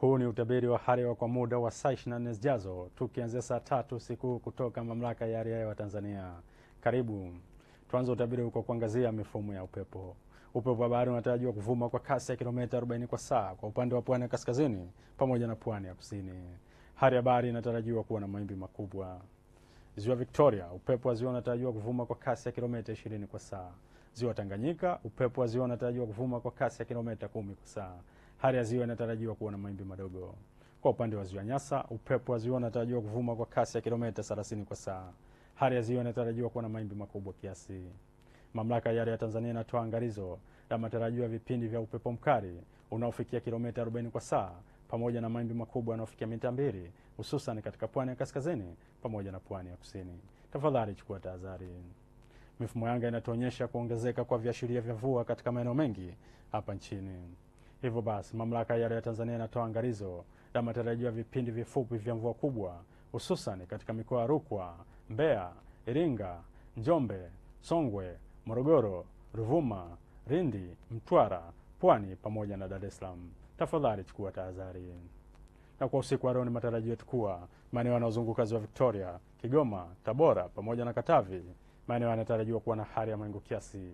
Huu ni utabiri wa hali wa kwa muda wa saa 24 zijazo, tukianzia saa tatu siku kutoka Mamlaka ya Hali ya Hewa Tanzania. Karibu tuanze utabiri huko kuangazia mifumo ya upepo. Upepo wa bahari unatarajiwa kuvuma kwa kasi ya kilomita 40 kwa saa kwa upande wa pwani ya kaskazini pamoja na pwani ya kusini. Hali ya bahari inatarajiwa kuwa na mawimbi makubwa. Ziwa Victoria, upepo wa ziwa unatarajiwa kuvuma kwa kasi ya kilomita 20 kwa saa. Ziwa Tanganyika, upepo wa ziwa unatarajiwa kuvuma kwa kasi ya kilomita 10 kwa saa. Hali ya ziwa inatarajiwa kuwa na mawimbi madogo. Kwa upande wa ziwa Nyasa, upepo wa ziwa unatarajiwa kuvuma kwa kasi ya kilomita 30 kwa saa. Hali ya ziwa inatarajiwa kuwa na mawimbi makubwa kiasi. Mamlaka ya Yara ya Tanzania inatoa angalizo la matarajio ya vipindi vya upepo mkali unaofikia kilomita 40 kwa saa pamoja na mawimbi makubwa yanayofikia mita mbili hususan katika pwani ya kaskazini pamoja na pwani ya kusini. Tafadhali chukua tahadhari. Mifumo yanga anga inatuonyesha kuongezeka kwa viashiria vya mvua katika maeneo mengi hapa nchini. Hivyo basi mamlaka ya ya Tanzania inatoa angalizo la matarajio ya vipindi vifupi vya mvua kubwa hususan katika mikoa ya Rukwa, Mbeya, Iringa, Njombe, Songwe, Morogoro, Ruvuma, Lindi, Mtwara, Pwani pamoja na Dar es Salaam. Tafadhali chukua tahadhari. Na kwa usiku wa leo ni matarajio yetu kuwa maeneo yanayozunguka ziwa Victoria, Kigoma, Tabora pamoja na Katavi, maeneo yanatarajiwa kuwa na hali ya mawingu kiasi,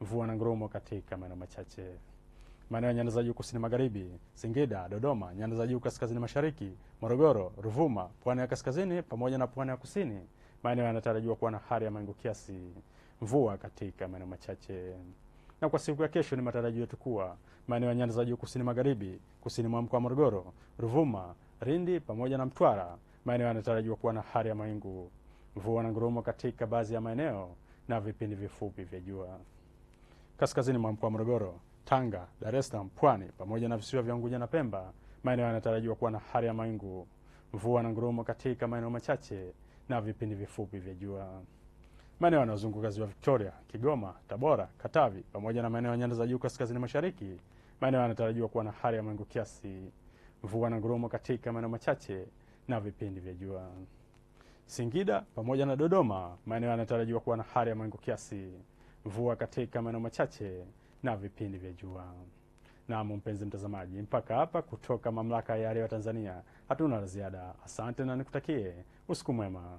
mvua na ngurumo katika maeneo machache maeneo ya nyanda za juu kusini magharibi, Singida, Dodoma, nyanda za juu kaskazini mashariki, Morogoro, Ruvuma, pwani ya kaskazini pamoja na pwani ya kusini. Maeneo yanatarajiwa kuwa na hali ya mawingu kiasi, mvua katika maeneo machache. Na kwa siku ya kesho ni matarajio yetu kuwa maeneo ya nyanda za juu kusini magharibi, kusini mwa mkoa wa Morogoro, Ruvuma, Lindi pamoja na Mtwara, maeneo yanatarajiwa kuwa na hali ya mawingu, mvua na ngurumo katika baadhi ya maeneo na vipindi vifupi vya jua. Kaskazini mwa mkoa wa Morogoro Tanga, Dar es Salaam, Pwani pamoja na visiwa vya Unguja na Pemba. Maeneo yanatarajiwa kuwa na hali ya mawingu, mvua na ngurumo katika maeneo machache na vipindi vifupi vya jua. Maeneo yanayozunguka ziwa Victoria, Kigoma, Tabora, Katavi pamoja na maeneo ya nyanda za juu kaskazini mashariki, maeneo yanatarajiwa kuwa na hali ya mawingu kiasi, mvua na ngurumo katika maeneo machache na vipindi vya jua. Singida pamoja na Dodoma, maeneo yanatarajiwa kuwa na hali ya mawingu kiasi, mvua katika maeneo machache na vipindi vya Jua. Na mpenzi mtazamaji, mpaka hapa kutoka mamlaka ya redio Tanzania hatuna la ziada. Asante na nikutakie usiku mwema.